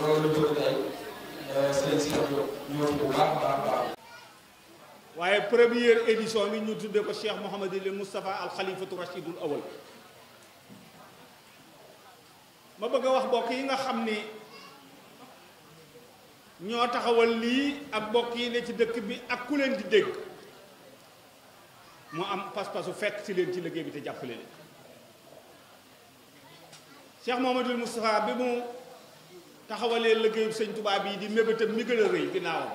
loolu la jóge tey sëriñ si ñëw bu baax a baax a baax waaye première édition bi ñu tuddee ko Cheikh Mouhamadul Moustapha al Khalifatu Rachidul Awal ma bëgg a wax bokk yi nga xam ni ñoo taxawal lii ak bokk yi ne ci dëkk bi ak ku leen di dégg mu am pas-pasu fekk si leen ci liggéey bi te jàppale leen Cheikh Mouhamadul Moustapha bi mu taxawalee liggéeyu sëñ tubaa bii di mébétam mi gën a rëy ginnaawam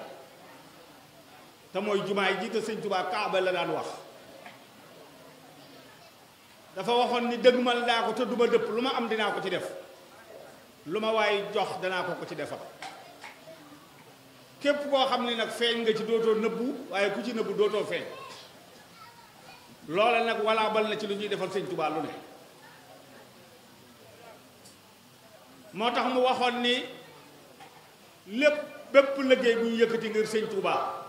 te mooy jumaay ji te sëñ tubaa kaaba la daan wax dafa waxoon ni dëgmal daa ko te duma dëpp lu ma am dinaa ko ci def lu ma waay jox danaa ko ko ci defal képp koo xam ne nag feeñ nga ci dootoo nëbbu waaye ku ci nëbbu dootoo feeñ loola nag walaabal na ci lu ñuy defal sëñ tubaa lu ne motax mu waxon ni lépp bépp liggey bu yëkëti ngir Seigne Touba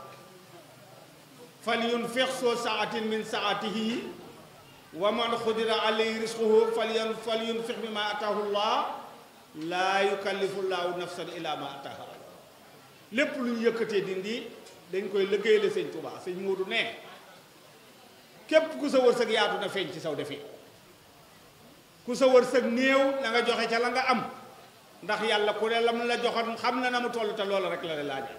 fal yunfiq soo saatin min saatihi wa man khudira alayhi rizquhu fal yun fal yunfiq bi ma ataahu Allah la yukallifu llahu nafsan illa ma ataaha lépp lu ñu dindi dañ koy liggey le Seigne Touba Seigne Modou ne képp ku sa wërsëg yaatu na feñ ci saw defi ku sa wërsëg néew la nga joxe ca la nga am ndax yàlla ku ne la mu la joxoon xam na na mu toll te loolu rek la laa laajee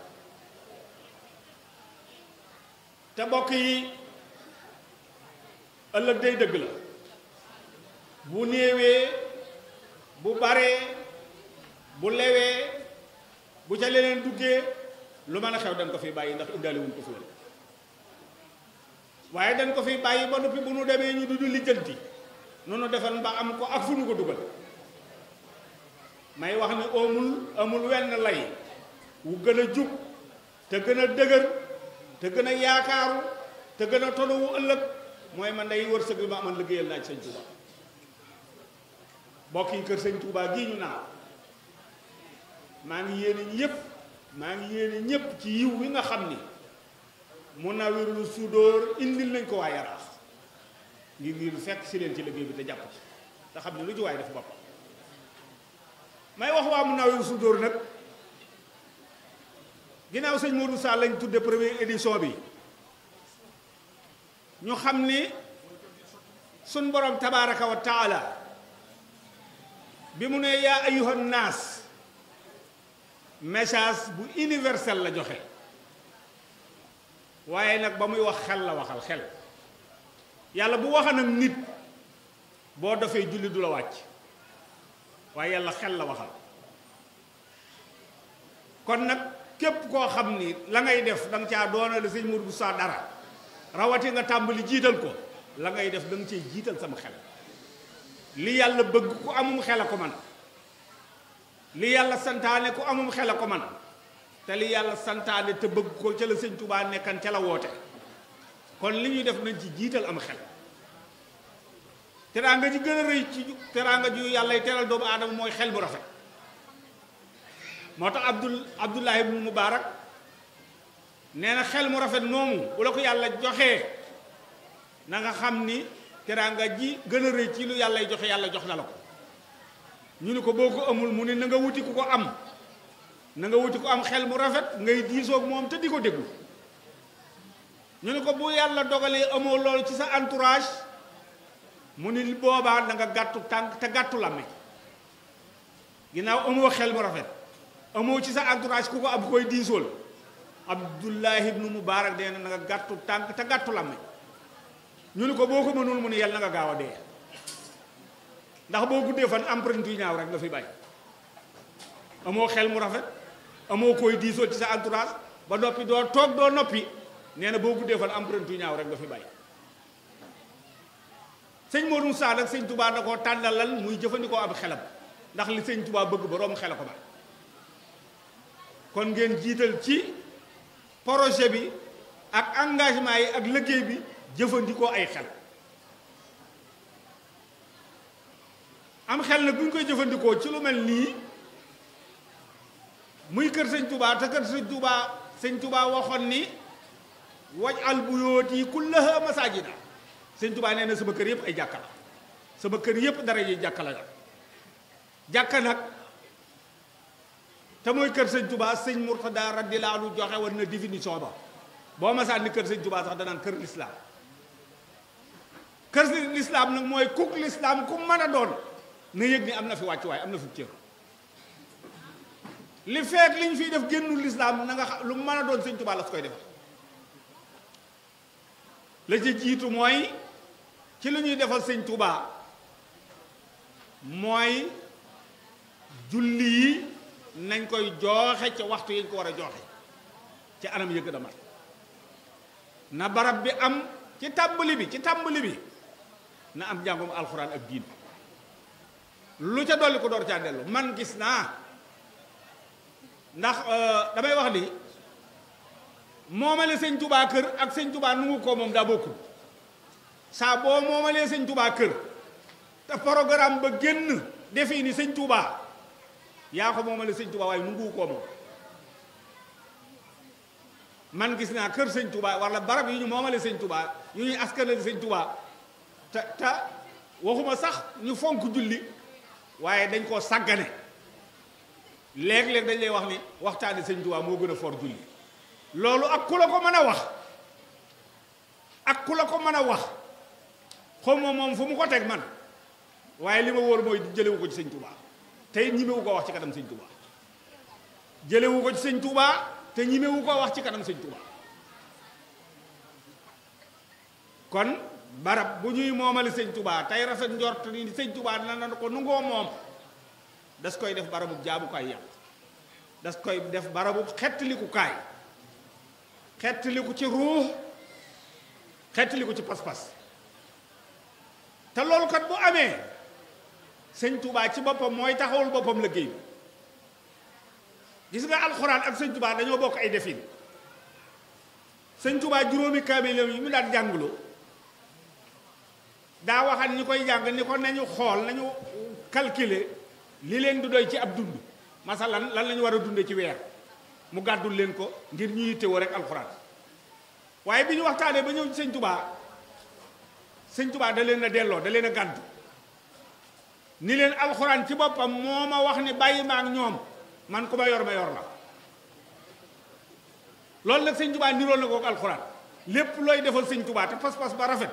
te mbokk yi ëllëg day dëgg la bu néewee bu baree bu lewee bu ca leneen duggee lu mën a xew dañ ko fi bàyyi ndax indaale ko fi woon waaye dañ ko fi bàyyi ba noppi bu nu demee ñu du du lijjanti nu nu defal ba am ko ak fu ñu ko dugal may wax ni amul amul wenn lay wu gën a jub te gën a dëgër te gën a yaakaaru te gën a tonu wu ëllëg mooy man day wërsëg bi ma amoon liggéeyal naa ci sëñ Touba yi kër sëñ Touba gii ñu naan maa ngi yéene ñëpp maa ngi yéene ñëpp ci yiw wi nga xam ni mun naa wérulu sudóor indil nañ ko waa Yaraax ngir ngir fekk si leen ci liggéey bi te jàpp ci te xam ne lu ci waay def boppam may wax wa mu naaw su dóor nag ginnaaw sëñ Modou Sall lañ tuddé première édition bi ñu xam ni sun borom tabaraka wa taala bi mu ne ya ayuhan naas message bu universel la joxé waye nak ba muy wax xel la waxal xel yalla bu waxanam nit bo dafay julli dula wacc waaye yàlla xel la waxal kon nag képp koo xam ni la ngay def da nga caa doonale sëñ Mourou Moussa dara rawati nga tàmbali jiital ko la ngay def da nga cee jiital sama xel li yàlla bëgg ku amum xel ko man li yàlla santaane ku amum xel ko man te li yàlla santaane te bëgg ko ca la sëñ Touba nekkan ca la woote kon li ñuy def nañ ci jiital am xel teraanga ji gën a rëy ci teraanga ju yàlla yi teral doomu aadama mooy xel bu rafet moo tax abdul abdullahi ibnu mubaarak nee na xel mu rafet moomu bu la ko yàlla joxee na nga xam ni teraanga ji gën a rëy ci lu yàlla yi joxe yàlla jox na la ko ñu ne ko boo ko amul mu ne na nga wuti ku ko am na nga wuti ko am xel mu rafet ngay diisoog moom te di ko déggu ñu ne ko bu yàlla dogalee amoo loolu ci sa entourage mu ni boobaa da nga gàttu tànk te gàttu làmmiñ ginnaaw amoo xel mu rafet amoo ci sa entourage ku ko ab koy diisool abdullahi ibnu mubarak dee na nga gàttu tànk te gàttu làmmiñ ñu ni ko boo ko mënul mu ni yàlla na nga gaaw a dee ndax boo guddee fan empreinte yu rek nga fi bàyyi amoo xel mu rafet amoo koy diisool ci sa entourage ba noppi doo toog doo noppi nee na boo guddee fan empreinte yu ñaaw rek nga fi bay seigne Modou sall ak seigne Touba da koo muy jëfëndiko ab xelam ndax li seigne Touba bëgg boroom xela ko ba kon ngeen jital ci projet bi ak engagement yi ak liggéey bi jëfëndiko ay xel am xel nag buñ koy jëfëndiko ci lu mel ni muy kër seigne Touba ta kër seigne Touba seigne Touba waxon ni waj al buyooti kullaha masajida sëñ Tuubaa nee na sama kër yëpp ay jàkka la sama kër yëpp dara yi jàkka la yor jàkka nag te mooy kër sëñ Tuubaa sëñ Murtada radiyallaahu anhu joxe woon na définition ba boo ma sànni kër sëñ Tuubaa sax danaan kër lislaam kër lislaam nag mooy kuk lislaam ku mën a doon na yëg ni am na fi wàccuwaay am na fi cër li feet ñu fiy def génnul lislaam na nga xam lu mën a doon sëñ Tuubaa la su koy def la ci jiitu mooy ci li ñuy defal sëñ Touba mooy julli yi nañ koy jooxe ca waxtu yi ko war a jooxe ci anam yëg da na barab bi am ci tàmbali bi ci tàmbali bi na am njàngum alxuraan ak diin lu ca dolli ko door caa dellu man gis naa ndax euh, damay wax ni moomale sëñ Touba kër ak sëñ Touba nu ngu ko moom daa bokkul saa boo moomalee sëñ tubaa kër te programme ba génn defii ni sëñ tubaa yaa ko moomale sëñ tubaa waaye nungu ko moom man gis naa kër sëñ tubaa wala barab yu ñu moomale sëñ tubaa yu ñuy askanale sëñ tubaa waxuma sax ñu fonk julli waaye dañ koo sàggane léeg dañ lay wax ni waxtaane sëñ tubaa moo gën a for julli loolu ak ku la ko mën a wax ak ku la ko mën a wax xaw moom fu mu ko teg man waaye li ma wóor mooy jëlewu ko ci sëñ Touba tey ñimewu ko wax ci kanam sëñ Touba jëlewu ko ci sëñ Touba te ñimewu ko wax ci kanam sëñ Touba kon barab bu ñuy moomali sëñ Touba tey rafet njort ni sëñ Touba dina na ko nungoo moom das koy def barabu jaamukaay yàlla das koy def barabu xettaliku kaay xettaliku ci ruux xettaliku ci pas-pas te loolu kat bu amee sëñ tubaa ci boppam mooy taxawul boppam la bi gis nga alxuraan ak sëñ Touba dañoo bokk ay defin sëñ tubaa juróomi kaamilam yi mu daan jàngloo daa waxan ñi koy jàng ni ko nañu xool nañu calculer li leen du doy ci ab dund masalan lan lañu war a dunde ci weer mu gàddul leen ko ngir ñu yittewoo rek alxuraan waaye bi ñu waxtaanee ba ñëw ci tubaa sëñ tubaa da leen a delloo da leen a gàddu ni leen alxuraan ci boppam moo ma wax ni bàyyi ma ak ñoom man ku ma yor ma yor la loolu nag sëñ tubaa niroon na ko ak alxuraan lépp looy defal sëñ tubaa te pas-pas ba rafet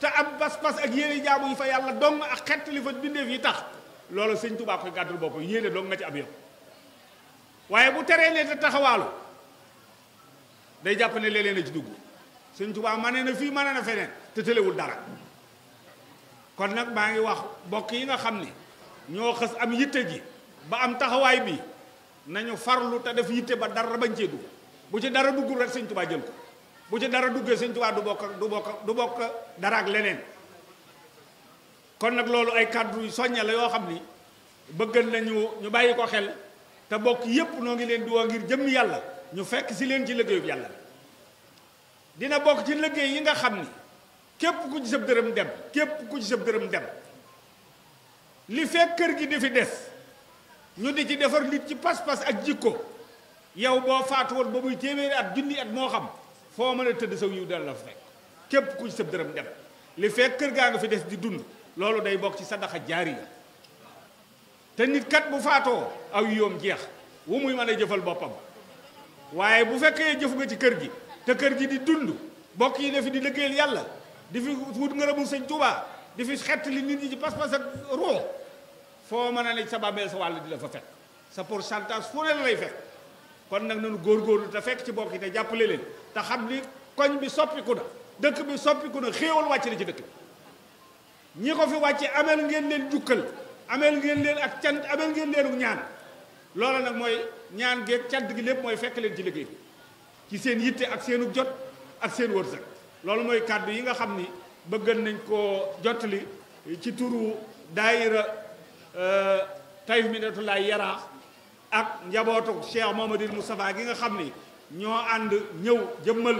te am pas-pas ak yéene jaamu yi fa yàlla dong ak xett li fa bindeef yi tax loolu sëñ tubaa koy gàddul bopp yéene dong nga ci ab yow waaye bu teree ne te taxawaalu day jàpp ne léeg-léeg ci dugg sëñ tubaa mane na fi mane na feneen te wul dara kon nak ma ngi wax bokk yi nga xamni ño am yitte ji ba am taxaway bi nañu farlu ta def yitte ba dara bañ ci dug bu ci dara duggul rek sëñ tubaa jël ko bu ci dara duggee sëñ tubaa du bokk du bokk du bokk dara ak lenen kon nak lolu ay cadre yu soññe la yoo xam nañu ñu bayiko xel ta bokk yépp no ngi leen di wo ngir jëm yalla ñu fekk ci leen ci yalla dina bokk ci liggéey yi nga xam ni képp ku ci sëb dërëm dem képp ku ci sëb dërëm dem li fekk kër gi di fi des ñu di ci defar nit ci pas-pas ak jikko yow boo faatuwoon ba muy téeméeri at junni at moo xam foo mën a tëdd saw yiw dal la fa fekk képp ku ci sëb dërëm dem li fekk kër gaa nga fi des di dund loolu day bokk ci sadaxa jaari yi te nit kat bu faatoo aw yoom jeex wu muy mën a jëfal boppam waaye bu fekkee jëfu nga ci kër gi te kër gi di dund bokk yi ne fi di liggéeyal yàlla di fi wut ngërëmul sëñ Tuubaa di fi xett li nit ñi ci pas-pas ak roo foo mën a ne sa bàmmeel sa wàll di la fa fekk sa pourcentage fu ne lay fekk kon nag nanu góorgóorlu te fekk ci bokk yi te jàppale leen te xam ni koñ bi soppiku na dëkk bi soppiku na xéewal wàcc na ci dëkk bi ñi ko fi wàcce ameel ngeen leen jukkal ameel ngeen leen ak cant ameel ngeen leenu ñaan loola nag mooy ñaan geeg cant gi lépp mooy fekk leen ci liggéey bi ci seen yitte ak seenu jot ak seen wërsëg loolu mooy kàddu yi nga xam ni bëggan nañ koo jottali ci tur turu daayira euh, Tayf Minatulaay Yaraax ak njabootu Cheikh Mamadil Moustapha gi nga xam ni ñoo ànd ñëw jëmmal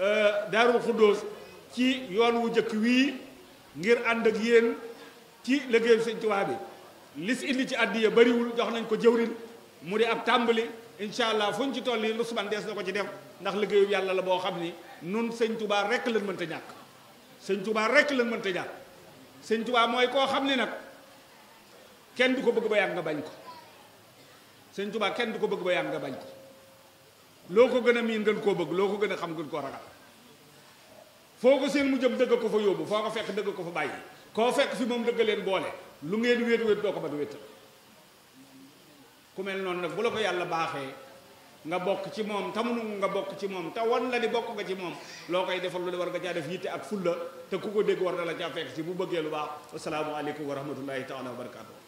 euh, Daarul Xuddoos ci yoon wu jëkk wii ngir ànd ak yéen ci liggéeyu Sëñ Tuubaa bi lis indi ci àddiya bariwul jox nañ ko jëwrin mu di ab tàmbali incha allah fuñ ci toll yi lu suban dees na ko ci def ndax liggéeyu yàlla la boo xam ni nun sëñ tubaa rek lañ mënta ñàkk sañ tubaa rek lañ mënta ñàkk sëñ tubaa mooy koo xam ni nag kenn du ko bëgg ba yàgg nga bañ ko sëñ tubaa kenn du ko bëgg ba yàgg nga bañ ko loo ko gën a miin gën koo bëgg loo ko gën a xam gën koo ragal foo ko seen mu jëm dëgg ko fa yóbbu foo ko fekk dëgg ko fa bàyyi koo fekk fi moom dëgg leen boole lu ngeen wéet wéet doo ko ba du wéttal ku mel noon nag bu la ko yàlla baaxee nga bokk ci moom tamunungu nga bokk ci moom te wan la ni bokk nga ci moom loo koy defal lu ne war nga caa def yitte ak fulla te ku ko dégg war na la caa fekk ci bu bëggee lu baax wasalaamualeykum wa rahmatullahi taala wa barakatu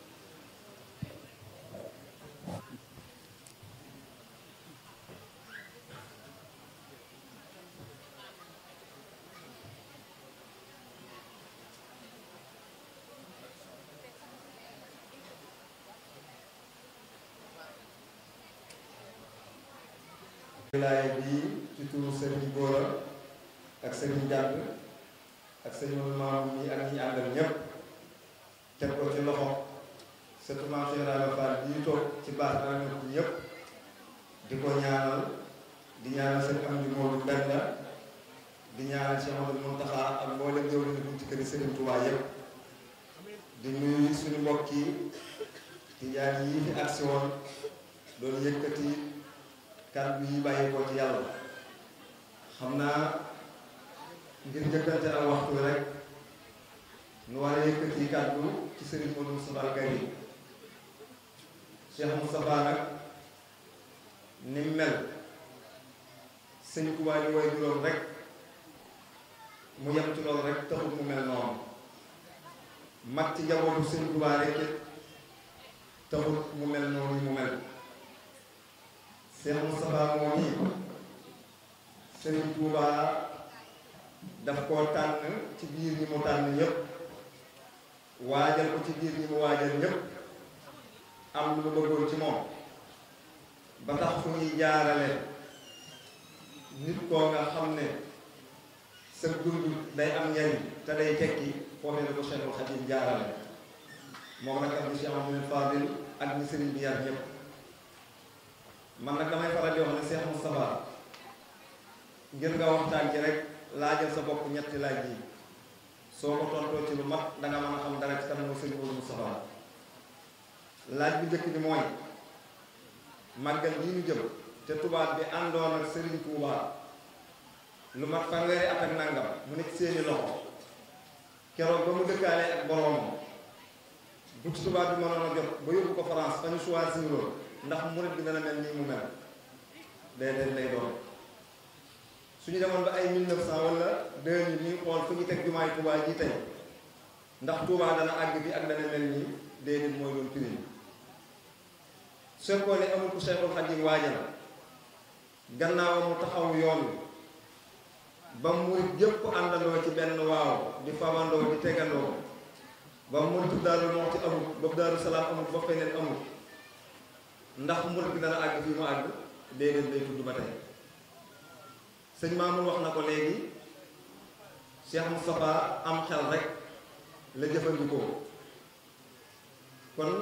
wilaaya bii ci turu sëriñ Góora ak sëriñ Jàdd ak sëriñ Maam mi ak ñi àndal ñépp teg ko ci loxo surtout maam Cheikh Ibra Fall toog ci baax dana nekk ñépp di ko ñaanal di ñaanal sëriñ am di moom benn ak mboolem jëw lañu ci kër sëriñ Touba yépp di nuyu suñu mbokk yi tijaan yi fi agsi woon doon yëkkati kàddu yi bàyyi ko ci yàlla xam naa ngir njëkkante ak waxtu rek nu war a yëkkati kàddu ci sëriñ Modou Moustapha Gaye Cheikh Moustapha nag ni mel sëñ Tuubaa rek mu yem loolu rek taxul mu mel noonu mag ci njabootu sëñ Tuubaa mel noonu mu mel Seex Mustafaa moo nii Sëriñ Tuubaa daf koo tànn ci biir ñi mu tànn ñëpp waajal ko ci biir ñi mu waajal ñëpp am lu mu bëggoon ci moom ba tax fu ñuy jaarale nit koo nga xam ne sa dund day am njariñ te day tekki foofu ne ko Seexul Xadiim jaarale moom nag ak ñu si Amadou Fadil ak ñu sëriñ bi yar man nag damay faral di wax ne Cheikh ngir nga waxtaan ci rek laajal sa bopp ñetti laaj yi soo ko tontoo ci lu mat danga mën a xam dara ci kanamu sëñ Moodu Moustapha laaj bu njëkk bi mooy màggal yi ñu jëm te tubaab bi àndoon ak Serigne Touba lu mat fanweeri at ak nangam mu nekk seeni loxo keroog ba mu dëkkaalee ak boroomam bu ci tubaab bi mënoon a jot ba yóbbu ko France fa ñu choisir loolu ndax murid gi dana mel ni mu mel day déedéet lay doon suñu demon ba ay 1900 wala 2000 ni xol fu ñu teg jumaay tuba ji tay ndax tuba dana ag bi ak dana mel ni nii déedéet mooy doon prix sekkoo ne amul ku Seexul xadi waajal gannaaw mu taxaw yoon ba murid yépp andalo ci benn waaw di famando di tegalo ba murid daalu mo ci amul ba daalu Salaam amul ba feneen amul ndax mur bi dana àgg fii mu àgg déedéet day tudd ba tey sëñ Mamour wax na ko léegi Cheikh Moustapha am xel rek la jëfandikoo kon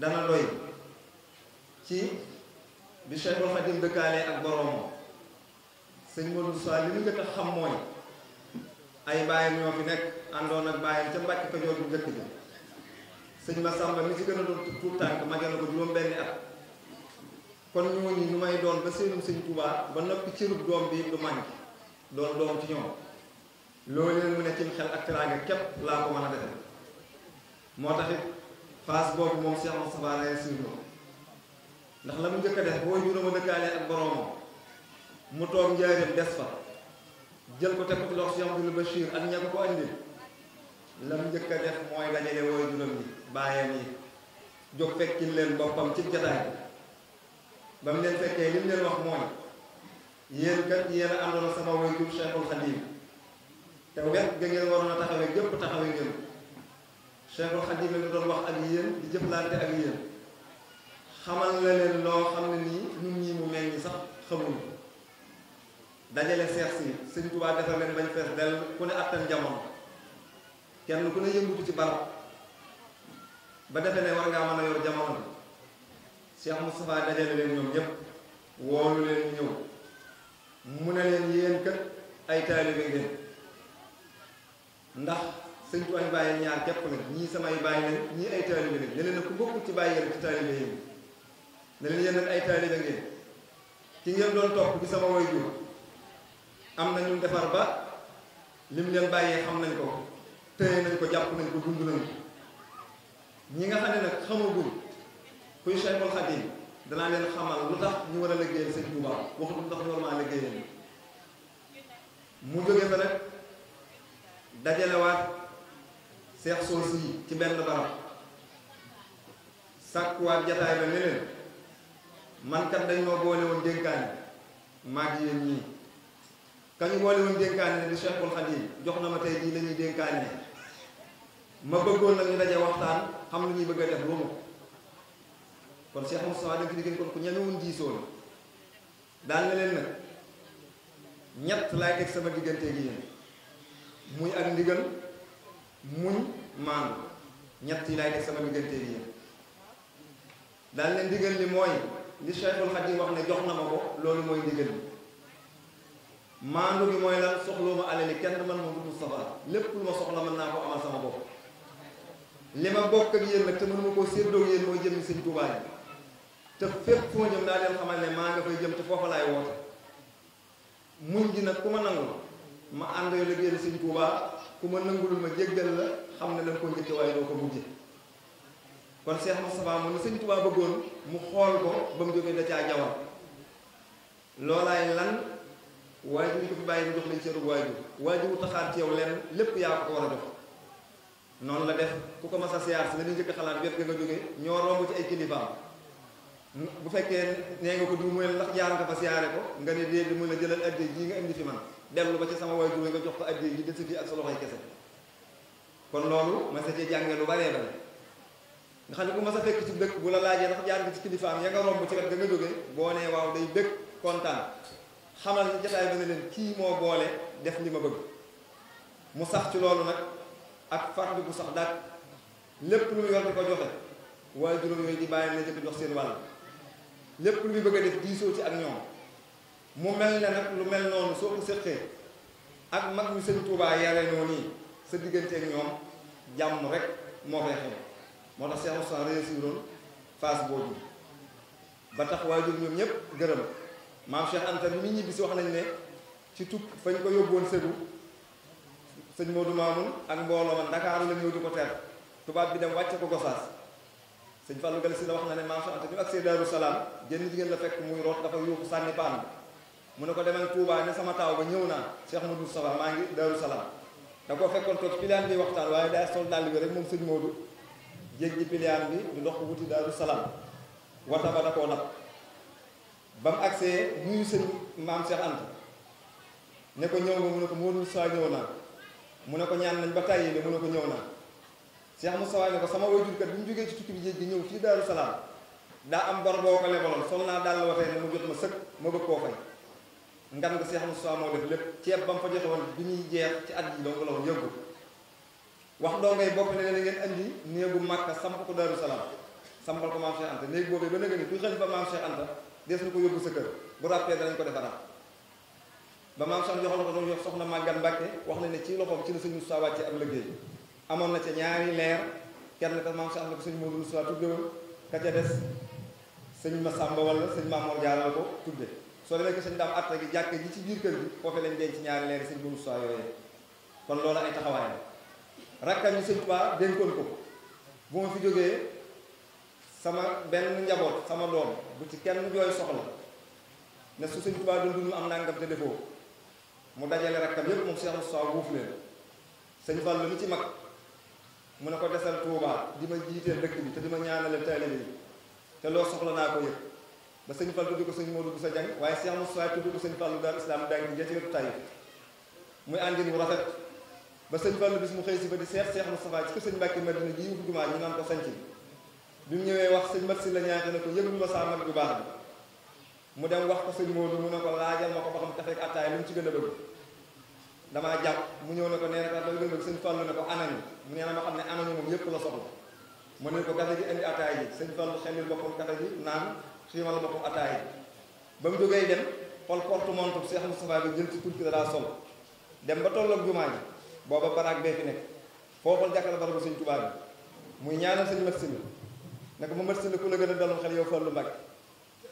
dana doy ci bi Cheikhul Khadim dëkkaalee ak boroom sëñ Modou Sa li mu njëkk xam mooy ay bàyyam ñoo fi nekk àndoon ak bàyyam ca Mbàkke Kajoor bu njëkk bi sëñ Massamba mi ci gën a doon tuut tànk mage na ko juróom-benni at kon ñooñu ñu may doon ba seenum sëñ Tuubaa ba noppi cërub doom bi du mànk doon doom ci ñoom loolu leen mu ne cim xel ak teraanga képp laa ko mën a defe moo taxit phase boobu moom Cheikh Moustapha Raye suñu ndax la mu njëkk a def boo juróoma dëkkaale ak boroomam mu toog njaareem des fa jël ko teg ko ci loxo Cheikh Abdoul Bachir ak ña ko ko andil la mu njëkk def mooy dajale wooyu juróom yi bàyyam yi jóg fekkin leen boppam ci jataay bi ba mu leen fekkee li leen wax mooy yéen kat yéen a àndoon sama waajur Cheikhul Khadim te wet ga ngeen waroon a taxawee gépp taxawee ngeen Cheikhul Khadim la doon wax ak yéen di jëflante ak yéen xamal la leen loo xam ne nii ñun ñii mu mel ni sax xamuñu dajale seex si Sëñ Tuubaa defar leen bañ fees del ku ne attan jamono kenn ku ne yëngutu ci barab ba defee ne war ngaa mën a yor jamono bi Cheikh Moustapha dajale leen ñoom ñëpp woolu leen ñëw mu ne leen yéen kat ay taalibe ngeen ndax sëñ ko ay bàyyi ñaar képp nag ñii samay bàyyi lañ ñii ay taalibe lañ ne ci bàyyi yéen ci taalibe ne leen yéen nag ay taalibe ngeen ki ngeen doon topp bi sama way jur am na ñu defar ba lim leen bàyyee xam nañ ko téye nañ ko jàpp nañ ko dund nañ ko ñi nga xam ne nag xamagul kuy Cheikhul Khadim danaa leen xamal lu tax ñu war a liggéeyal sëñ Touba wax lu tax normal liggéeyal mu jóge fa nag dajalewaat seex soos yi ci benn barab sàkkuwaat jataay ba ne leen man kat dañ ma goole woon dénkaane maag yéen ñii kañu boole woon dénkaane ne di Cheikhul Khadim jox na ma tey jii la ñuy dénkaane ma bëggoon nag daje waxtaan xam lu ñuy bëgg a def wóomu kon Cheikh Moustapha dañ fi diggéen kon ku ñemewun diisoo la daal na leen nag ñett laay teg sama diggante gi yéen muy ak ndigal muñ maandu ñett yi laay teg sama diggante gi yéen daal leen ndigal li mooy li Cheikhul Khadim wax ne jox na ma ko loolu mooy ndigal li maandu gi mooy lan soxloo ma alali kenn man ma bu Moustapha lépp lu ma soxla mën naa ko amal sama bopp li ma bokk ak yéen nag te mënuma koo séddoo ak yéen mooy jëm sëñ Tuubaa yi te fépp fu ma jëm daa leen xamal ne maa nga fay jëm te foofa laay woote muñ gi nag ku ma nangu ma ànd yow liggéeyal sëñ Tuubaa ku ma nangul ma jéggal la xam ne da nga ko njëkk ko mujje kon Cheikh Moustapha mu ne sëñ Tuubaa mu xool ko ba mu jógee da caa jawal loolaay lan waajur ko waajur waajur ci yow lenn lépp yaa ko war a jox noonu la def ku ko mas a siyaar si la ñuy njëkk xalaat wet ga nga jóge ñoo romb ci ay kilifaam bu fekkee nee nga ko du muy ndax jaar nga fa siyaare ko nga ne dee di mu la jëlal addi ji nga indi fi man dellu ba ci sama way duwe nga jox ko addi ji desi fii ak sa loxoy kese kon loolu ma sa cee jàngee lu baree bari nga xam ne ku mas a fekk ci dëkk bu la laajee ndax jaar nga ci kilifaam ya nga romb ci wet ga nga jóge boo nee waaw day bëgg kontaan xamal ni jataay bi ne leen moo boole def li ma bëgg sax ci loolu nag ak farlu bu sax daal lépp lu mu yor di ko joxe waaye juróom yooyu di bàyyi na jëkk jox seen wàll lépp lu muy bëgg a def diisoo ci ak ñoom mu mel ne nag lu mel noonu soo ko sëqee ak mag ñu sëñ Tuubaa yare noonu yi sa diggante ak ñoom jàmm rek moo fay moo tax Cheikh Ousmane réussiroon phase boobu ba tax waajur ñoom ñëpp gërëm maam Cheikh Anta mi ñibbi si wax nañ ne ci tukk fañ ko yóbboon sëgu sëñ Modou Mamoun ak mbooloo ma Ndakaaru la ñëw di ko teer tubaab bi dem wàcce ko Gosaas sëñ Fallou Galasse la wax na ne maam Cheikh Anta bi mu daru salam Salaam jenn jigéen la fekk muy rot dafa yuuxu sànni paan bi mu ne ko demal Touba ne sama taaw ba ñëw naa Cheikh Modou Moustapha maa ngi Daaru Salaam da koo fekkoon toog pilaan bi waxtaan waaye daa sol dal bi rek moom sëñ Modou jéeg ji pilaan bi du ndox ko wuti Daaru Salaam wata ba da koo nag ba mu agsee nuyu sëñ maam Cheikh Anta ne ko ñëw nga mu ne ko Modou Moustapha ñëw naa mu ne ko ñaan nañ ba tàyyi ni mu ne ko ñëw na Cheikh moussa ne ko sama wayjur kat buñu joggé ci tukki bi jëg ñëw fii daru salam da am bor bo ko lebaloon sol naa dàll wa tey mu jot ma sëkk ma bëgg ko fay ngam nga Cheikh moussa mo def lepp ci bam fa joxe won bi muy jeex ci at yi dong la woon yëggu wax do ngay bokk ne leen ngeen andi neegu makka samp ko daru salam sambal ko maam Cheikh Anta neegu bobé ba nëgë ni kuy xëy ba maam Cheikh Anta dess na ko yëggu sa kër bu rappé dañ ko defara ba maam Sam joxoon na ko noonu yox soxna Maguette Mbacke wax na ne ci loxoom ci la sëñ Moussa wàcce am liggéey amoon na ca ñaari leer kenn ka maam Sam na ko sëñ Modou Moussa tudde ka ca des sëñ Massamba wala sëñ Mamour jaaral ko tudde soo demee ko sëñ daam atta gi jàkk ji ci biir kër gi foofu lañ denc ñaari leer yi sëñ Modou Moussa yooyee kon loolu ay taxawaay la rakkam yi sëñ Tuubaa dénkoon ko bu ma fi jógee sama benn njaboot sama doom bu ci kenn jooy soxla ne su sëñ Tuubaa doon dund am nangam te mu dajale rakkam yépp moom Cheikh Moustapha wuuf leen sëñ Fallu mi ci mag mu ne ko desal Touba di ma jiiteel dëkk bi te di ma ñaanale taalibe yi te loo soxla naa ko yëpp ba sëñ Fallu tudd ko sëñ Modou Boussa Diagne waaye Cheikh Moustapha tudd ko sëñ Fallu daal islam daangi ja ci wetu Taïf muy àndin bu rafet ba sëñ Fallu bis mu xëy si ba di seex Cheikh Moustapha ci ko sëñ Mbàkke Madina ji wuf jumaa ñu naan ko sanc bi mu ñëwee wax sëñ Mat si la ñaanke ne ko yëgul ma saa mat bu baax bi mu dem wax ko sëñ Modou mu ne ko laajal ma ko ba xam ak attaay lu ci gën a bëgg damaa jàpp mu ñëw ne ko nee na kat loolu gën a bëgg sëñ Fallou ne ko anani mu nee ma ne anani moom yëpp la soxla mu ne ko gafe gi indi attaay ji sëñ Fallou xelil boppam gafe gi naan xiimal boppam attaay ba mu jógee dem xool porte-montre Cheikh Moustapha bi jël ci turki da daa sol dem ba tolloog jumaa ji booba baraag bee fi nekk foofal jàkkal barabu sëñ Tuubaa bi muy ñaanal sëñ Mat Sylla ne ko ma Mat Sylla ku la gën a dalum xel yow Fallou Mbacké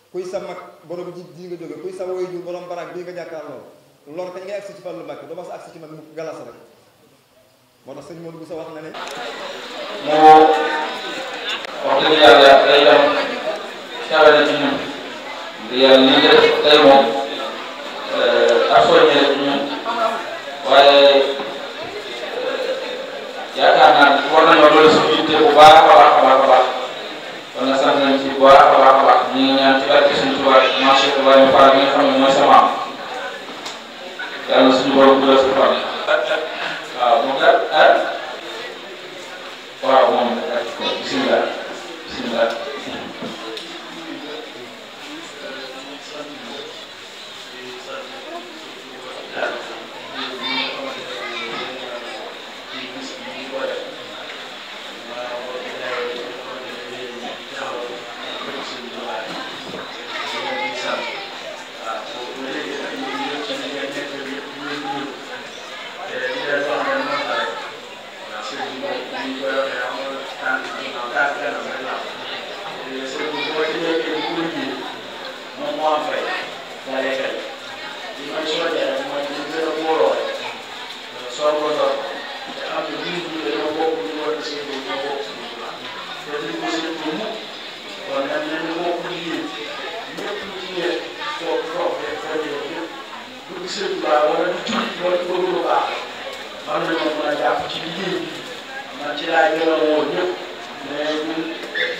kuy sa mag borom ji ji nga jóge kuy sa woy ju borom baraag bii nga jàkkaarloo lor kañ ngay agsi ci Fallu Mbàkke doo ma sa agsi ci man mu galas rek moo tax sëñ Modou Bousso wax na ne moo wax dëgg yàlla day dem xewale ci ñun dëgg yàlla ni def tey moom Ibrahima Fall mi nga xam ne mooy sama am yàlla suñu borom bu la sa fan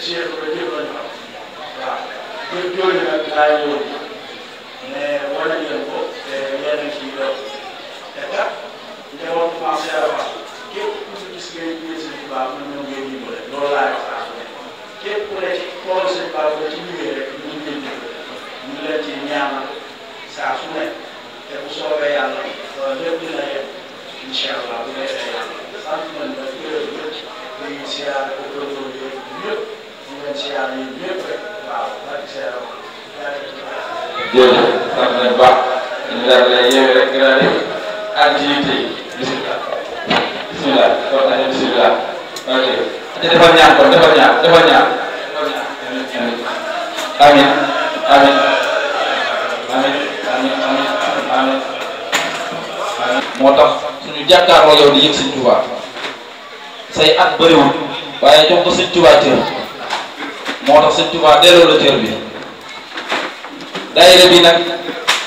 Cheikh ba ñëpp la ñu xam waaw jëf jooju nag laa ñëw mais wane ngeen ko te yéen a ciy dox te kat njaboot maam Cheikh Fall képp ku ci gis ngay gis bu baax ñu ñëw ngay dimbale loolu laay wax saa su ne képp ku ne ci xool seen baax ba ci liggéey rek ñu ngi leen dimbale ñu leen ci ñaanal saa su ne te bu soobee yàlla lépp dina yem incha allah bu neexee yàlla sant nañ la gërëm ñëpp di siyaare ko gërëm ñëpp siyaar yi yëpp rek waaw barke siyaar jërëjëf sant nañ baax at bëriwul waaye jox ko sëñ Tuubaa moo tax sëñ Tuubaa delloo la cër bi daayira bi nag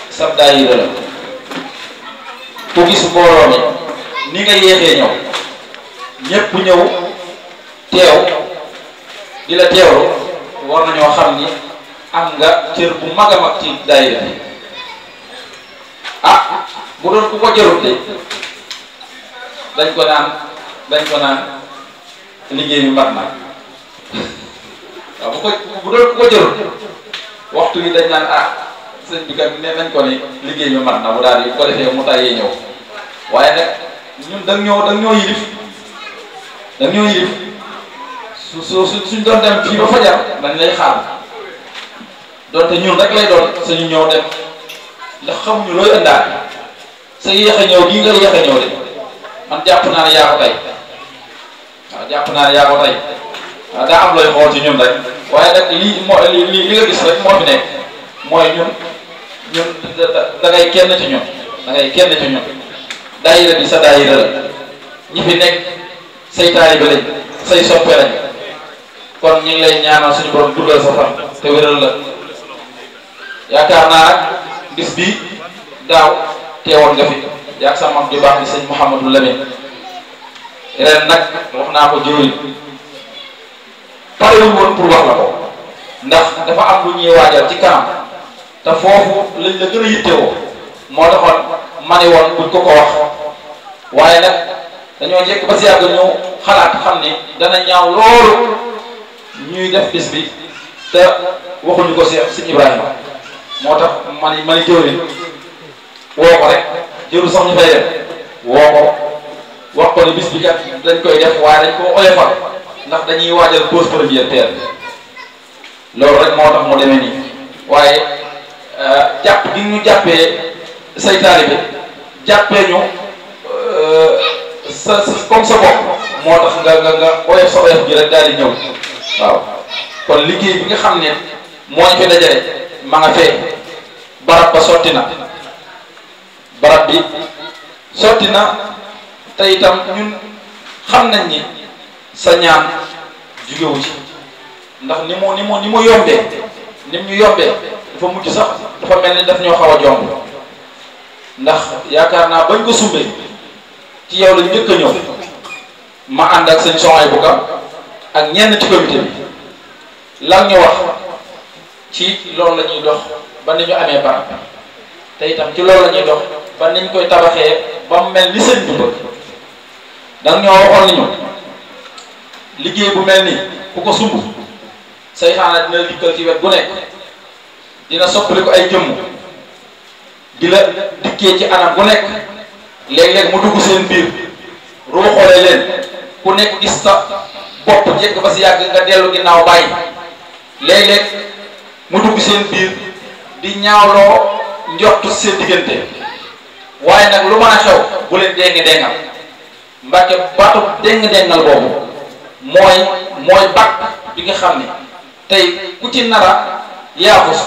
sab daayira la ku gis mbooloo mi ni nga yéexee ñëw ñépp ñëw teew di la teewlu war nañoo xam ni am nga bu mag a mag ci daayira bi ah bu doon ku ko jarut dañ ko naan dañ ko naan liggéey bi mat xam nga bu doon ko jël waxtu yi dañ naan ah sëñ bi kat ne nañ ko ni liggéey bi mat na mu daal di bu ko defee mu tàyyee ñëw waaye nag ñun da ñoo da ñoo yilif da ñoo yilif su su suñ doon dem fii ba fajar dañ lay xaar donte ñun rek lay doon suñu ñëw dem ndax xamuñu looy ëndaat sa yéex a ñëw gii nga yéex a ñëw de man jàpp naa ne yaa ko tey waaw jàpp naa ne yaa ko tey waaw daa am looy xool ci ñun rek waaye nag lii moo li li li nga gis rek moo fi nekk mooy ñun ñun da ngay kenn ci ñun da kenn ci ñun daayira bi sa daayira la ñi fi nekk say taalibe lañ say soppe lañ kon ñu ngi lay ñaanal suñu borom dugal sa fan te wéral la yaakaar naa nag bis bi daaw teewoon nga fi yaag sa mam ju baax bi sëñ Mouhamadou Lamine ren nag wax naa ko jëwriñ parewul woon pour wax la ko ndax dafa am lu ñuy waajal ci kanam te foofu lañ la gën a yittewoo moo taxoon mani woon buñ ko ko wax waaye nag dañoo jekk ba si yàgg ñu xalaat xam ni dana ñaaw loolu ñuy def bis bi te waxuñu ko si si Ibrahima moo tax mani mani jëwri woo ko rek jëru sax ñu fay def woo ko wax ko ne bis bi kat dañ koy def waaye dañ ko oyofal ndax dañuy waajal pause première pierre loolu rek moo tax mu demee nii waaye euh, jàpp gi ñu jàppee say taalibe jàppee ñu euh, sa sa comme sa bopp moo tax nga nga nga oyof sa oyof ji rek daal di ñëw waaw kon liggéey bi nga xam ne moo ñu fi dajale ma nga fee barab ba sotti na barab bi sotti na te itam ñun xam nañ ni. sa ñaan jugewu ci ndax ni mu ni mu ni mu yombee ni mu ñu yombee dafa mujj sax dafa mel ni daf ñoo xaw a jomb ndax yaakaar naa bañ ko sumbee ci yow la njëkk a ñëw ma ànd ak seen soxay bu ka ak ñenn ci comité bi lan ñu wax ci loolu la ñuy dox ba ni ñu amee barab te itam ci loolu la ñuy dox ba niñ koy tabaxee ba mu mel ni seen dund da nga ñoo waxoon ni ñu liggéey bu mel ni ku ko sumb saytaane dina dikkal ci wet bu nekk dina soppali ko ay jëmm di la dikkee ci anam bu nekk léeg-léeg mu dugg seen biir ruuxale leen ku nekk gis sa bopp jekk ba si yàgg nga dellu ginnaaw bàyyi léeg-léeg mu dugg seen biir di ñaawloo njortu seen diggante waaye nag lu mën a xew bu leen dengal mbàkke baatu deng dengal boobu mooy mooy bàq bi nga xam ni tey ku ci nara yaafus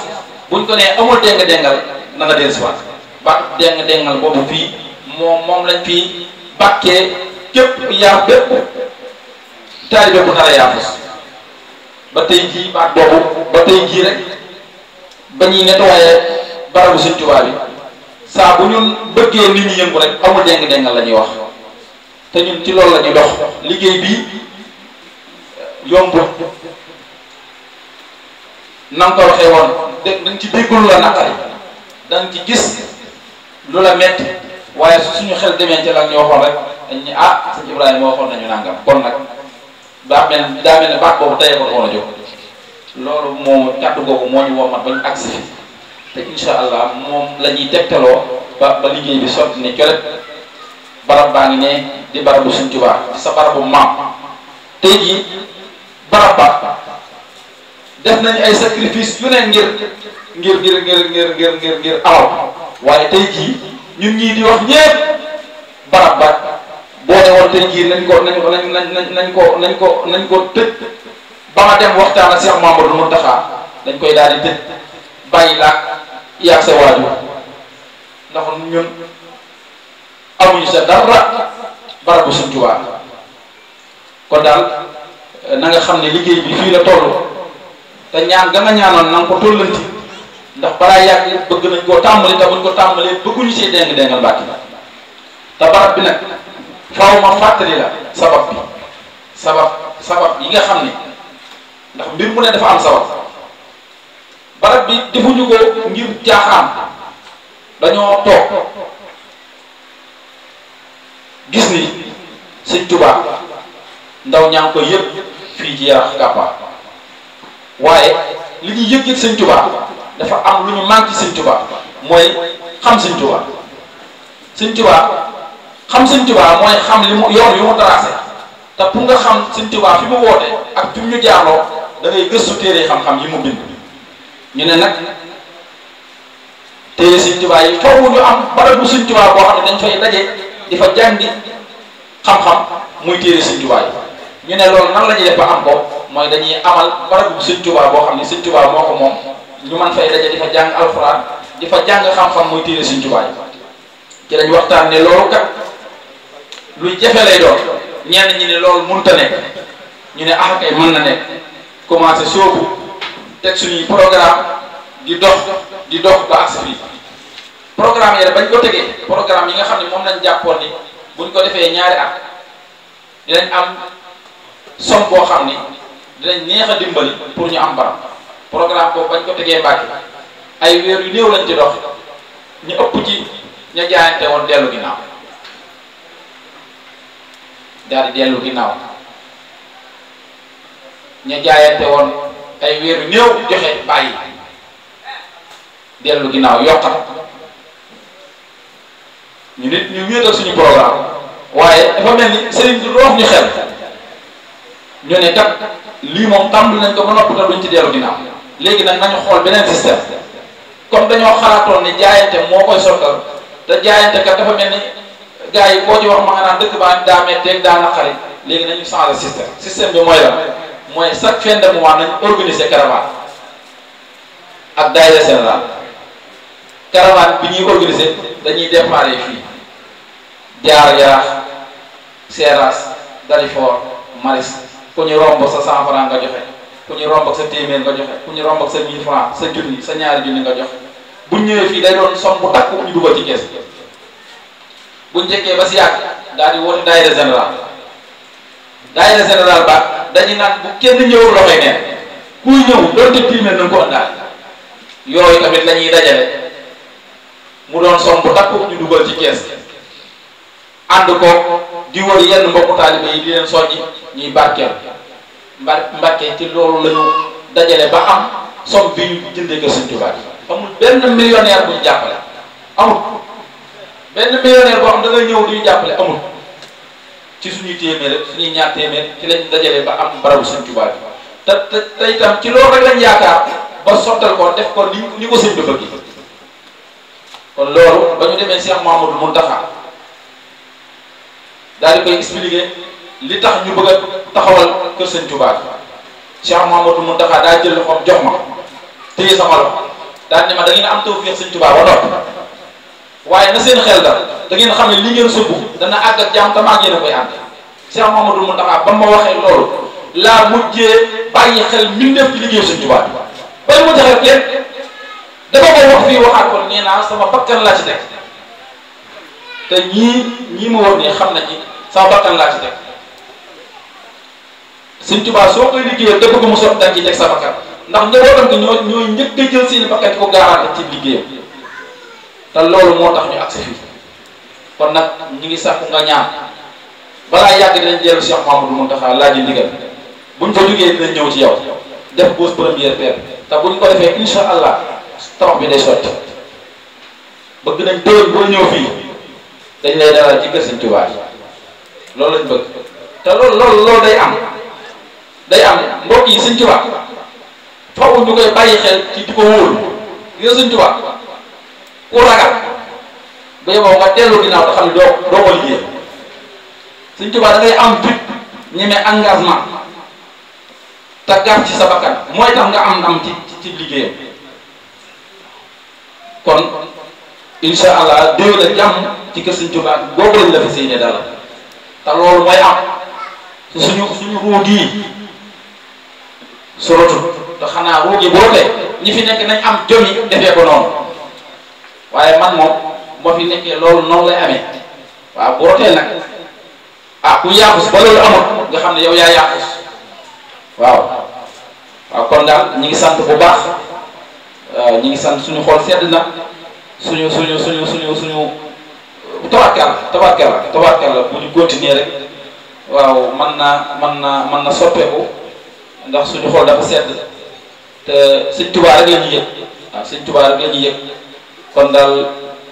buñ ko nee amul déng-déngal na nga dellusiwaat bàq déng-déngal boobu fii moom moom lañ fii bàkkee képp yaaf bépp taalibe bu nara yaafus ba tey jii baat boobu ba tey jii rek ba ñuy nettoyé barabu Sëñ Tuubaa bi saa bu ñun bëggee nit ñi yëngu rek amul déng-déngal la ñuy wax te ñun ci loolu la ñuy dox liggéey bii yombut na nga waxee woon dégg dañ ci déggul la naqari dañ ci gis lu la metti waaye su suñu xel demee ci lan ñu waxoon rek dañ ñu ah sëñ Ibrahima waxoon nañu nangam kon nag daa mel ne daa mel ne baat boobu tey ko woon a jóg loolu moo kàddu googu moo ñu wommat ba ñu agsi te incha allah moom lañuy ñuy tegtaloo ba ba liggéey bi sotti ne colet barab baa ngi ne di barabu suñ Tuubaa sa barabu maam tey jii Barabba def nañu ay sacrifice yu ne ngir ngir ngir ngir ngir ngir ngir ngir waaye tey jii ñun ñii di wax ñépp ba boo ne woon tey jii nañ ko nañ ko nañ ko nañ ko nañ ko tëj ba ma dem waxtaan ak Cheikh Mamadou Mountakha dañ koy daal di tëj bàyyi laak yaag sa waajur ndax ñun amuñu sa dara barabu Sëñ Tuubaa kon na nga xamne liggey bi fi la tollu te ñaan ga nga ñaanoon na ko tollanti ndax balaa yàgg bëgg nañ ko tambali ta buñ ko bëggu ñu ci deng dengal bakki ta barab bi nak faaw ma fatali la sabab bi sabab sabab yi nga xamne ndax mbir mu ne dafa am sabab barab bi defuñu ko ngir jaxam dañoo tok gis ni señ Tuubaa ndaw ñang ko koy fii ci Yaraax Kapa waaye li ñuy yëg-yëg dafa am lu ñu manqué sëñ Tuubaa mooy xam sëñ Tuubaa sëñ Tuubaa xam sëñ Tuubaa mooy xam li mu yoon yu mu tracé te xam sëñ fi mu woote ak fi mu ñu jaarloo gëstu téere xam-xam yi mu bind ñu ne nag téere sëñ yi foofu ñu am barabu sëñ Tuubaa boo xam ne dañ di fa jàngi xam-xam muy téere sëñ yi ñu ne loolu nan la ñuy def ba am ko mooy dañuy amal barabu sëñ Tuubaa boo xam ne sëñ Tuubaa moo ko moom ñu mën fay daje di fa jàng alxuraan di fa jàng xam-xam muy téere sëñ Tuubaa ci lañ waxtaan ne loolu kat lu jafe lay doon ñenn ñi ne loolu mënut a nekk ñu ne ah kay mën na nekk commencé soobu teg suñuy programme di dox di dox ba agsi fii programme yi bañ ko tegee programme yi nga xam ne moom lañ jàppoon ni buñ ko defee ñaari at dinañ am. somme boo xam ni dinañ neex a dimbali pour ñu am barab programme boobu bañ ko tegee Mbàkke ay weer yu néew lañ ci dox ñu ëpp ci ña jaayante woon dellu ginnaaw daal dellu ginnaaw ña jaayante woon ay weer yu néew joxe bàyyi dellu ginnaaw yokkat ñu nit ñu wéetal suñu programme waaye dafa mel ni sëriñ bi roof ñu xel ñu ne kat lii moom tàmbali nañ ko ba noppi te duñ ci dellu ginnaaw léegi nag nañu xool beneen système comme dañoo xalaatoon ni jaayante moo koy sottal te jaayante kat dafa mel ni gars yi boo ci wax ma nga naan dëkk baa daa métteeg daa naqari léegi nañu changer système système bi mooy lan mooy chaque fin de mois nañ organiser caravane ak daayira général caravane bi ñuy organiser dañuy déparé fii jaar Yaraax Seras Dalifort Maris ku ñu romb sa 100 francs nga joxe ku ñu romb ak sa téeméer nga joxe ku ñu romb ak sa 1000 francs sa jooni sa ñaar jooni nga joxe bu ñëw fi day doon som bu takk ñu duggal ci kees buñ njëkkee ba si yàgg daal di wone daayira général daayira général ba dañu nan bu kenn ñëw lo loxoy neen ku ñëw te téeméer na ko andal yoy tamit lañuy dajale mu doon som bu takk ñu duggal ci kees and ko di wër yenn mbokk talibé yi di leen soñi ñuy barkeel mbar mbarke ci loolu la dajale ba am somme bi ñu jëndee kër Sëñ benn millionnaire bu ñu jàppale amul benn millionnaire boo xam da nga ñëw ñu jàppale amul ci suñuy téeméer suñuy ñaar téeméer ci lañ dajale ba am barabu Sëñ te te te itam ci loolu rek lañ yaakaar ba sottal ko def ko ni ni ko sëñ bi bëgg kon loolu ba ñu demee Cheikh Mouhamadou Mountakha daal koy expliqué. li tax ñu bëgg a taxawal kër sëñ Tuubaa bi Cheikh Mouhamadou Mountakha daa jël loxoom jox ma téye sama loxo daa ne ma da ngeen am tawfeex sëñ Tuubaa na seen xel da da ngeen xam ne li ngeen sumb dana àgg ak a koy ànd Cheikh Mouhamadou Mountakha ma waxee loolu laa mujjee bàyyi xel mbindeef ci liggéeyu sëñ Tuubaa bi bàyyi mujj xel kenn dafa koy wax fii waxaat ko nee naa sama bakkan laa ci teg te ñii ñii ma wax nii xam na ci sama bakkan laa ci teg Sëñ Tuubaa soo koy liggéeyal da bëgg mu sot danga ci teg sa bakkan ndax njabootam gi ñoo ñooy njëkk a jël seeni bakkan di ko gaaraat ci liggéeyam te loolu moo tax ñu agsi fii kon nag ñu ngi sàkku nga ñaan balaa yàgg dinañ dellu Cheikh Mamadou Mountakha laaj ndigal buñ fa jógee dinañ ñëw ci yow def pause première pierre te buñ ko defee incha allah tabax bi day sotti bëgg nañ teewul ñëw fii dañ lay dalal ci kër Sëñ loolu lañ bëgg te loolu day am mbokk yi sëñ Tuubaa faaw ñu koy bàyyi xel ci di ko wóolu li nga sëñ ku ragal ba yow nga dellu ginnaaw nga xam ne doo ko liggéey sëñ Tuubaa da am but ñeme engagement te gar ci sa bakkan mooy tax nga am ndam ci ci kon insha allah déw la ci kër sëñ Tuubaa boobu lañ la fi séenee te loolu mooy am suñu suñu ruug yi suratu te xanaa ruugi bu rotee ñi fi nekk nañ am jom yi defee ko noonu waaye man moom moo fi nekkee loolu noonu lay amee waaw bu rotee nag ah ku yaakus ba loolu amul nga xam ne yow yaa yaakus waaw waaw kon daal ñi ngi sant bu baax euh, ñi ngi sant suñu xool sedd na suñu suñu suñu suñu suñu euh, tabarkalla tabarkalla tabarkalla bu ñu continuer rek waaw man naa man na man na soppeeku ndax suñu xool dafa sedd te tubaa rek la ñuy yëg waaw tubaa rek la ñuy yëg kon daal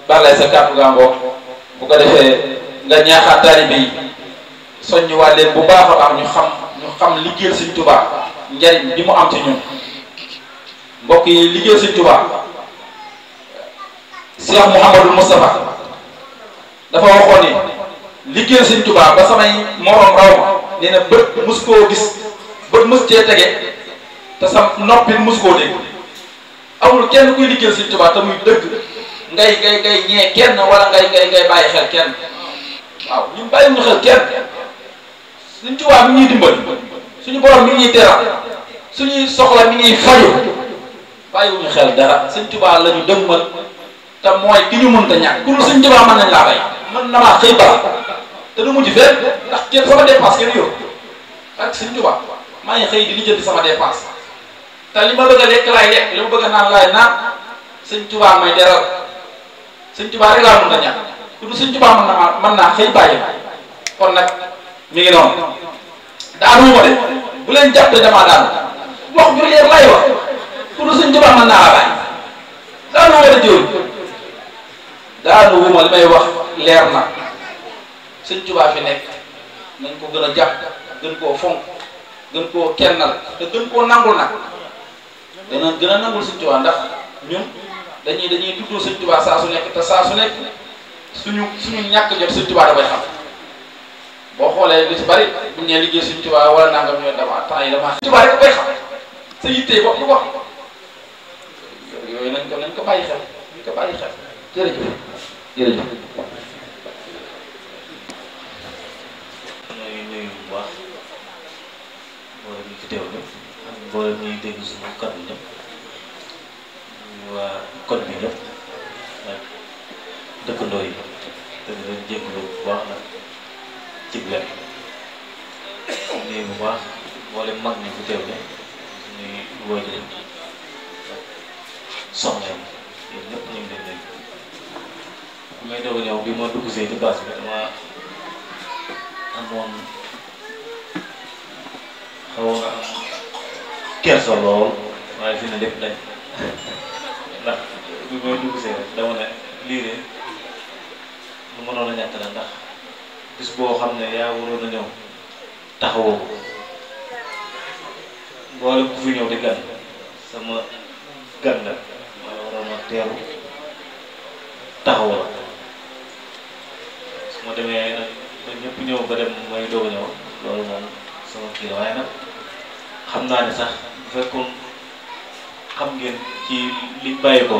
balaay sa kàddu gàngoo bu ko defee nga ñaaxaat taalibe yi soññuwaat leen bu baax a baax ñu xam liggéey xam liggéeyal sëñ tubaa njariñ bi mu am ci ñun mbokk yi liggéeyal sëñ tubaa Cheikh Mouhamadou Moustapha dafa waxoon ni liggéeyal sëñ tubaa ba samay morom raw nee na bët mus koo gis bon mus ci tege ta sam noppin mus ko deg amul kenn kuy liggéeyal Sëñ Tuubaa ta muy deug ngay ngay ngay ñe kenn wala ngay ngay ngay baye xel kenn waaw ñu baye mu xel kenn Sëñ Tuubaa mi ñi dimbal suñu borom mi ñi teral suñu soxla mi ngi faju bàyyiwuñu xel dara Sëñ Tuubaa lañu ñu ta moy ki ñu ta ñak ku dul Sëñ mën nañ la baye mën na maa xëy te du mujj fenn ndax kenn sama dépense kenn yow ak Sëñ Tuubaa maa ngi xëy di lijjanti sama dépense te li ma bëgg a lekk laay lekk li ma bëgg a naan laay naan Sëñ Tuubaa may deral Sëñ Tuubaa rek laa mën na ñàkk ku du Sëñ Tuubaa mën na maa mën naa xëy bàyyi kon nag mi ngi noonu daanu ma de bu leen jàpp damaa daanu wax ju leer laay wax ku du Sëñ Tuubaa mën naa la bàyyi daanu ma de jóoy daanu wuma li may wax leer na Sëñ Tuubaa fi nekk nañ ko gën a jàpp gën koo fonk gën koo kennal te gën koo nangul nag dana gën a nangul Sëñ Tuubaa ndax ñun dañuy dañuy tuddoo Sëñ Tuubaa saa su nekk te saa su nekk suñu suñu ñàkk jot Sëñ Tuubaa da koy xam boo xoolee li ci bari buñ nee liggéey waa Tuubaa wala nangam ñooy dama temps yi dama ci Tuubaa rek koy xam sa yittee bopp lu ko yooyu nañ ko nañ ko bàyyi xel nañ ko bàyyi xel những vâng, cái điều đó, với những điều mà cần nhất và cần gì nhất được con đời từ dân lục quá là chịu lệ nên quá quá lên mặn những cái điều đấy nên vừa rồi, xong này thì nhất nhưng đến đây ngay đầu nhau đi mua đủ gì tất bà, sẽ là anh muốn xawoon na kersa lool waaye fi ne lépp ndax bi may dugg see dama ne lii de lu mënoon a ñàkk la ndax bis boo xam ne yaa waroon a ñëw taxawoo ko mboolem ku fi ñëw di gan sama gan la ma waroon a teeru taxaw la su ma demee nag ñépp ñëw ba dem may doog ñëw sama kii waaye nag xam naa ne sax bu fekkoon xam ngeen ci liñ bàyyi ko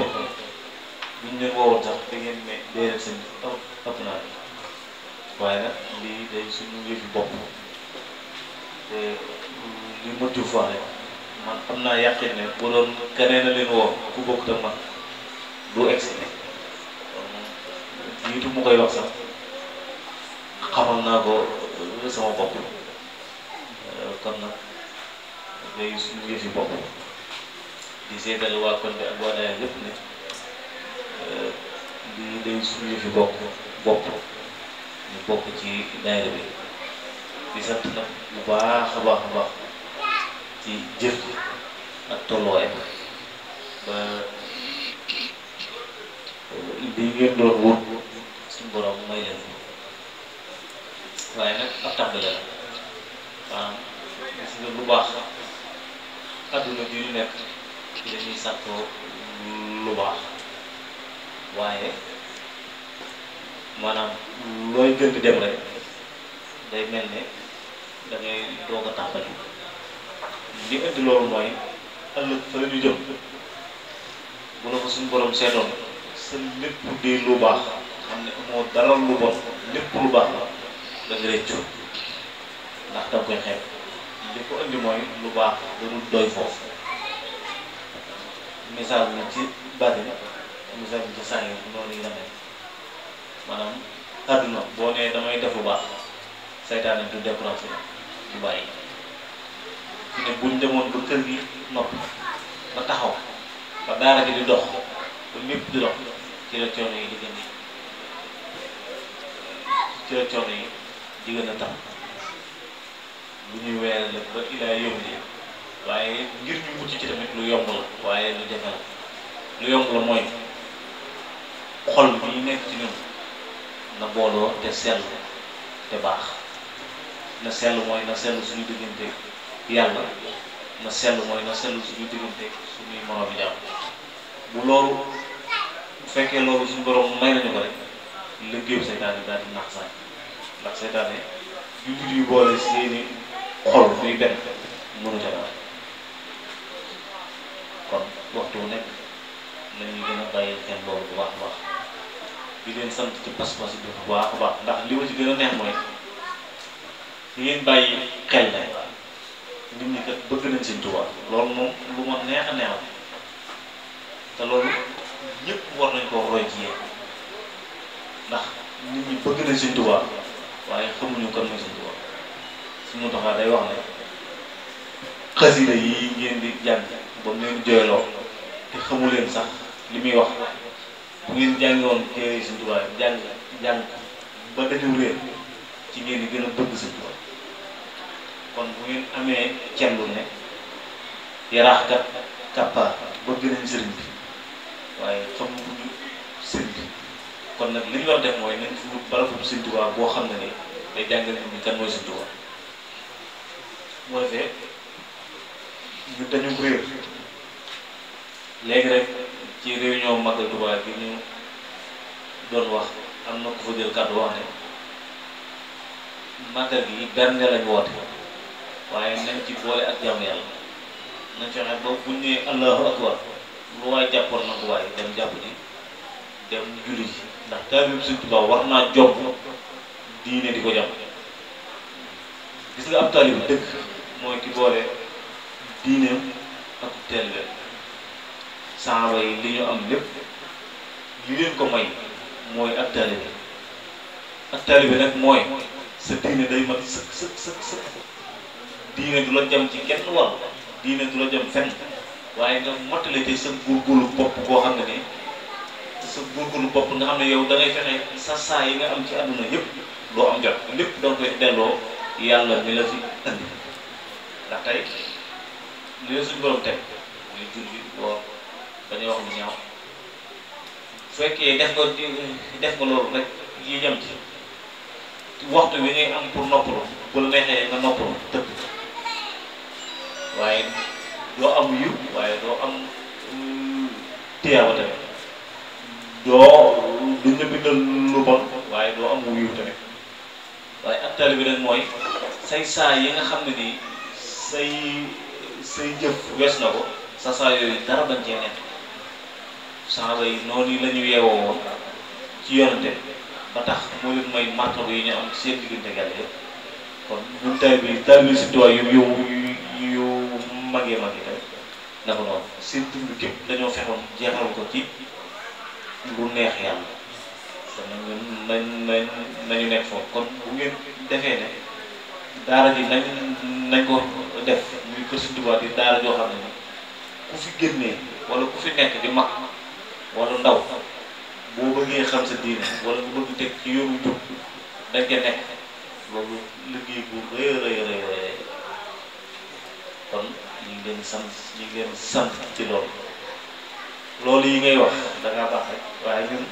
buñ leen woowoon sax da ngeen ne déedéet seen ëpp naa bi waaye nag lii day suñu yëfi bopp te li ma juuf man xam naa yàqin ne bu doon keneen a leen woo ku bokk tam man du egsi ne yiitu mu koy wax sax xamal naa ko sama bopp kon nag day suñu yëfi bopp di seedal waa Konde ak waa Daara yëpp ne euh, lii day suñu yëfi bopp bopp ñu bokk ci daara bi di sant nag bu baax a baax a baax ci jëf ji ak tolluwaay ba euh, li ngeen doon wut suñu borom may leen waaye nag ab tàmbali la maanaam gis nga lu baax adduna bi yu nekk ci dañuy sàkkoo lu baax waaye maanaam looy gën di dem rek day mel ne da ngay doog a tàmbali li ëtt loolu mooy ëllëg fa la ñu jëm bu la fa suñu borom seetoon sa lépp di lu baax xam ne moo dara lu bon lépp lu baax la da nga réccu ndax da nga koy xeeb li ko indi mooy lu baax lu dul doy foofu misaal bi ci bari misaal bi ci saa yi noonu la nekk maanaam àdduna boo nee damay def lu baax saytaane du découragé du bàyyi fi ne buñ demoon ba kër gi nopp ba taxaw ba daara ji di dox ba lépp di dox ci la coono yi di gën a tax bu ñuy weeree def ba ilaa yomb yi waaye ngir ñu mucc ci tamit lu yomb la waaye lu jafe la lu yomb la mooy xol bi nekk ci ñun na booloo te sell te baax na sell mooy na sell suñu diggante yàlla na sell mooy na sell suñu diggante suñuy moroom jàmm bu loolu bu fekkee loolu suñu borom may nañu ko rek liggéeyu seytaane daal di nax saay ndax seytaane yu boole seeni xol buy benn mënut a wax kon waxtu wu nekk nañuy gën a bàyyi xel loolu bu baax a baax di leen sant ci pas-pas bi a baax ndax li ma ci gën a neex mooy li ngeen bàyyi xel ne nit ñi kat bëgg nañ seen tubaab loolu moom lu ma neex a neexal te loolu ñëpp war nañ koo roy ci yéen ndax nit ñi bëgg nañ seen tubaab waaye xamuñu kan mooy seen suñu taxaa day wax ne xasida yi ngeen di jàng ba mu leen jooyloo te xamu leen sax li muy wax bu ngeen jàngoon téere Sëñ jàng jàng ba dañu réer ci ngeen di gën a bëgg Sëñ Tuubaa kon bu ngeen amee cellu ne yaraaxkat kàppa bëgg nañ sëriñ bi waaye xamuñu sëriñ bi kon nag li ñu war def mooy nañ fi bala fu Sëñ Tuubaa boo xam ne ni day jàngal nit ñi kan mooy Sëñ Tuubaa mooy fee ñu dañu réer léegi rek ci réunion Magal Touba bi ñu doon wax am na ku fa kàddu wax ne màggal gi bernde lañ woote waaye nañ ci boole ak jàmm yàlla nañ fexe ba buñ nee allahu akbar lu waay jàppoon na ko waaye dem jàpp ji dem julli ndax taalibe Sëñ Tuubaa war naa jomb diine di ko jàpp gis nga ab taalibe dëgg mooy ki boole diineem ak telleem saaba yi li ñu am lépp li leen ko may mooy ak taalibe ak taalibe nag mooy sa diine day mat sëkk sëkk sëkk diine du la jam ci kenn war diine du la jam fenn waaye nga mottale te sa góorgóorlu bopp boo xam ne nii sa góorgóorlu bopp nga xam ne yow da ngay fexe sa saa yi nga am ci àdduna yëpp loo am jot lépp danga koy delloo yàlla mi la fi andi ndax tey li leen suñu borom teg muy bi woor dañuy wax lu ñaaw fekkee def nga def nga loolu rek yi ñam ci waxtu wi ngay am pour noppalu bu la neexee nga noppalu tëdd waaye doo am yiw waaye doo am mm, tiyaaba tamit doo duñ la lu bon waaye doo am yiw waaye ak bi nag mooy say saa yi nga xam ne nii say say jëf wees na ko sa saa yooyu dara bañ cee nekk saxaaba yi noonu la ñu yeewoo woon ci yonante ba tax moo leen mooy martaba yi ñu am seen diggante yàlla yëpp kon ñun tay bi tay bi si jeexal ko ci lu neex yàlla nañ nañu nañu nekk foofu kon bu ngeen defee ne. daara ji nañ nañ ko def muy Kër Sëñ Tuubaa di daara joo xam ne ku fi génnee wala ku fi nekk di mag wala ndaw boo bëggee xam sa diine wala bu bëgg teg ci yoonu jub dañ nekk loolu liggéey bu rëy rëy rëy rëy kon ñu ngi leen ñu ngi leen ci loolu loolu yi ngay wax da ngaa baax rek waaye ñun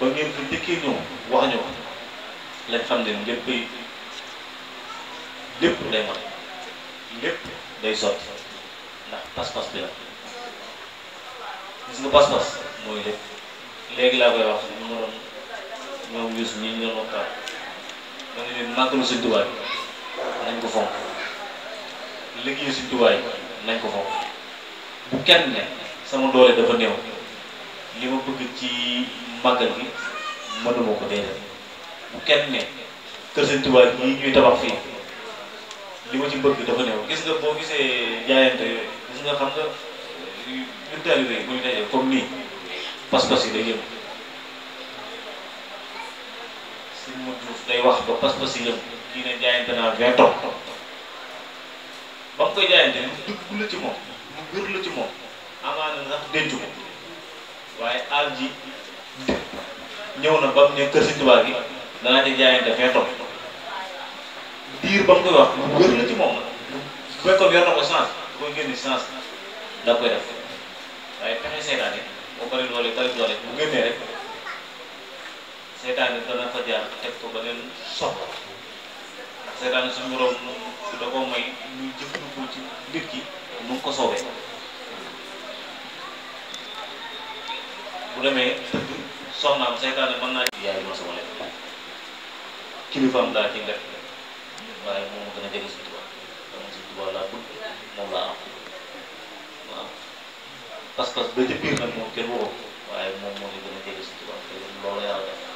ba ngeen fi njëkkee ñëw wax ñu lañ xam ne léppay lépp day mot lépp day sotti ndax pas-pas bi la gis nga pas-pas mooy lépp léegi laa koy wax ñu ma doon ñoom yus ñu ne leen màggalu Sëñ Tuubaa nañ ko fonk liggéeyu Sëñ nañ ko fonk bu kenn ne sama doole dafa néew li ma bëgg ci màggal gi mënuma ko déedéet bu kenn ne kër Sëñ Tuubaa yi ñuy tabax fii li ma ci bëgg dafa néew gis nga boo gisee jaayante yooyu gis nga xam nga euh, ñun taalibe yi comme nii pas-pas yi day yëm suñ mu duuf day wax ba pas-pas yi yëm kii ne jaayante naa vingt ans ba mu koy jaayante mu dugg la ci moom mu gër la ci moom amaana sax denc ko waaye àll ji ñëw na ba mu ne kër si tubaab gi danaa ci jaayante vingt ans diir ba mu koy wax wér la ci moom bu fekkoon yor na ko chance da koy génne chance da koy waaye pexe seytaane boo bari doole bari doole bu génnee rek seytaane dana fa teg ko ba leen soxla ndax seytaane suñu borom da koo may muy jëfandikoo ci nit ki nu mu ko soobee bu demee tëdd soxnaam seytaane mën naa yaay ma sama lekk kilifaam daa ci waaye moom moo gën a jege Sëñ Tuubaa moom Sëñ Tuubaa laa bëgg moom laa am waaw parce que ba ci biir nag moom waaye moom moo ñu gën a jege Sëñ Tuubaa